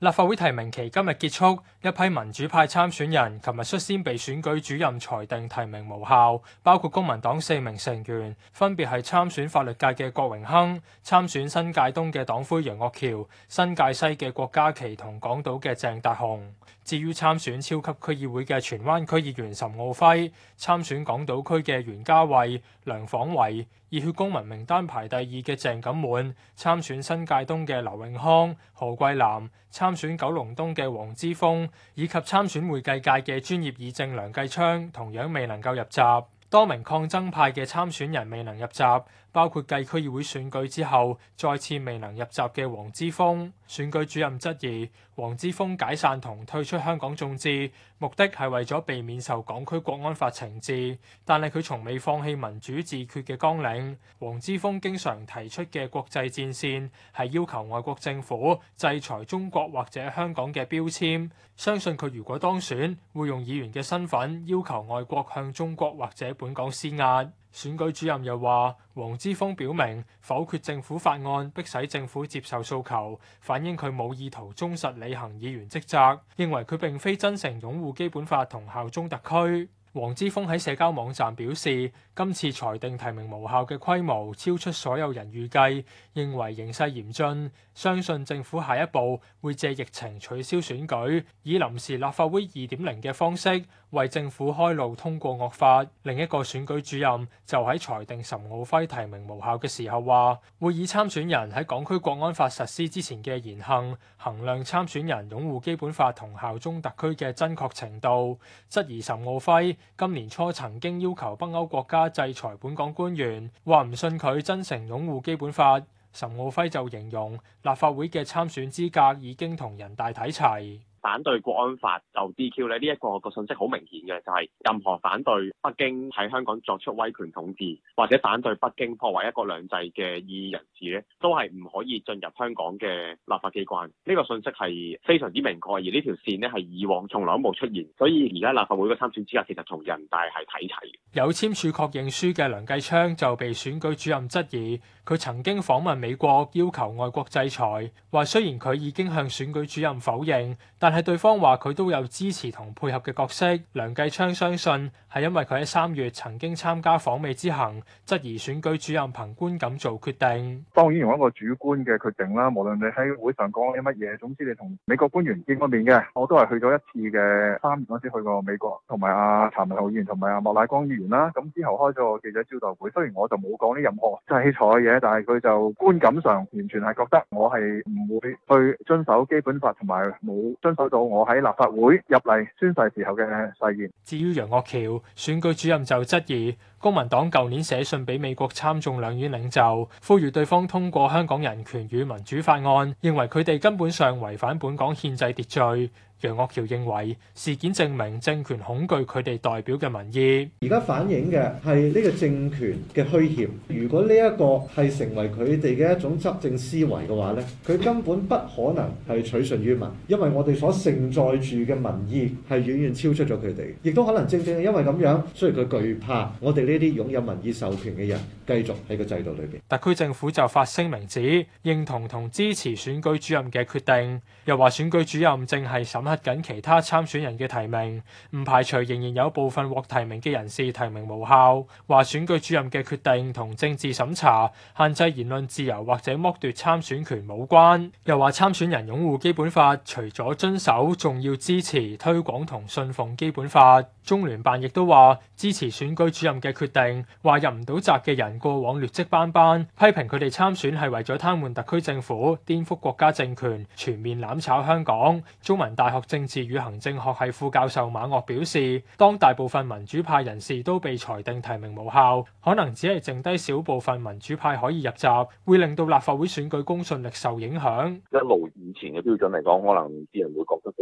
立法會提名期今日結束，一批民主派參選人琴日率先被選舉主任裁定提名無效，包括公民黨四名成員，分別係參選法律界嘅郭榮鏗、參選新界東嘅黨魁楊岳橋、新界西嘅郭家麒同港島嘅鄭達鴻。至於參選超級區議會嘅荃灣區議員岑敖暉、參選港島區嘅袁嘉蔚、梁晃維。熱血公民名單排第二嘅鄭錦滿，參選新界東嘅劉永康、何桂南，參選九龍東嘅黃之鋒，以及參選會計界嘅專業議政梁繼昌，同樣未能夠入閘。多名抗爭派嘅參選人未能入閘，包括繼區議會選舉之後再次未能入閘嘅黃之鋒。選舉主任質疑。黃之鋒解散同退出香港眾志，目的係為咗避免受港區國安法懲治，但係，佢從未放棄民主自決嘅綱領。黃之鋒經常提出嘅國際戰線，係要求外國政府制裁中國或者香港嘅標籤，相信佢如果當選會用議員嘅身份要求外國向中國或者本港施壓。選舉主任又話：黃之鋒表明否決政府法案，迫使政府接受訴求，反映佢冇意圖忠實履行議員職責，認為佢並非真誠擁護基本法同效忠特區。黃之鋒喺社交網站表示：今次裁定提名無效嘅規模超出所有人預計，認為形勢嚴峻，相信政府下一步會借疫情取消選舉，以臨時立法會二點零嘅方式。為政府開路通過惡法，另一個選舉主任就喺裁定岑敖輝提名無效嘅時候話：會以參選人喺港區國安法實施之前嘅言行衡量參選人擁護基本法同效忠特區嘅真確程度。質疑岑敖輝今年初曾經要求北歐國家制裁本港官員，話唔信佢真誠擁護基本法。岑敖輝就形容立法會嘅參選資格已經同人大睇齊。反對國安法就 DQ 呢一個個訊息好明顯嘅，就係任何反對北京喺香港作出威權統治或者反對北京破壞一國兩制嘅異議人士咧，都係唔可以進入香港嘅立法機關。呢個訊息係非常之明確，而呢條線呢係以往從來冇出現，所以而家立法會嘅參選資格其實同人大係睇齊。有簽署確認書嘅梁繼昌就被選舉主任質疑，佢曾經訪問美國要求外國制裁，話雖然佢已經向選舉主任否認，但係。係對方話佢都有支持同配合嘅角色，梁繼昌相信係因為佢喺三月曾經參加訪美之行，質疑選舉主任憑觀感做決定。當然用一個主觀嘅決定啦，無論你喺會上講啲乜嘢，總之你同美國官員見過面嘅，我都係去咗一次嘅。三月嗰時去過美國，同埋阿譚文豪議員同埋阿莫乃光議員啦。咁之後開咗個記者招待會，雖然我就冇講啲任何制裁嘅嘢，但係佢就觀感上完全係覺得我係唔會去遵守基本法同埋冇遵。收到我喺立法會入嚟宣誓時候嘅誓言。至於楊岳橋，選舉主任就質疑公民黨舊年寫信俾美國參眾兩院領袖，呼籲對方通過香港人權與民主法案，認為佢哋根本上違反本港憲制秩序。楊岳橋認為事件證明政權恐懼佢哋代表嘅民意，而家反映嘅係呢個政權嘅虛脅。如果呢一個係成為佢哋嘅一種執政思維嘅話呢，佢根本不可能係取信於民，因為我哋所承載住嘅民意係遠遠超出咗佢哋，亦都可能正正係因為咁樣，所以佢懼怕我哋呢啲擁有民意授權嘅人繼續喺個制度裏邊。特區政府就發聲明指認同同支持選舉主任嘅決定，又話選舉主任正係審。緊其他參選人嘅提名，唔排除仍然有部分獲提名嘅人士提名無效。話選舉主任嘅決定同政治審查限制言論自由或者剝奪參選權冇關，又話參選人擁護基本法，除咗遵守，仲要支持、推廣同信奉基本法。中聯辦亦都話支持選舉主任嘅決定。話入唔到閘嘅人過往劣跡斑斑，批評佢哋參選係為咗癱瘓特區政府、顛覆國家政權、全面攬炒香港。中文大學。政治與行政學系副教授馬岳表示，當大部分民主派人士都被裁定提名無效，可能只係剩低少部分民主派可以入閘，會令到立法會選舉公信力受影響。一路以前嘅標準嚟講，可能啲人會覺得。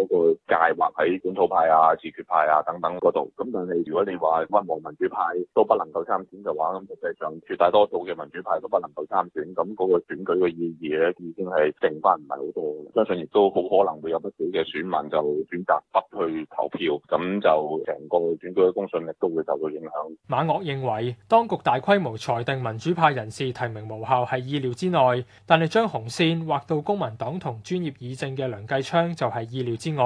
界劃喺本土派啊、自決派啊等等嗰度，咁但係如果你話温和民主派都不能夠參選嘅話，咁實際上絕大多數嘅民主派都不能夠參選，咁嗰個選舉嘅意義咧已經係剩翻唔係好多，相信亦都好可能會有不少嘅選民就選擇不去投票，咁就成個選舉嘅公信力都會受到影響。馬岳認為當局大規模裁定民主派人士提名無效係意料之內，但係將紅線劃到公民黨同專業議政嘅梁繼昌就係意料之外。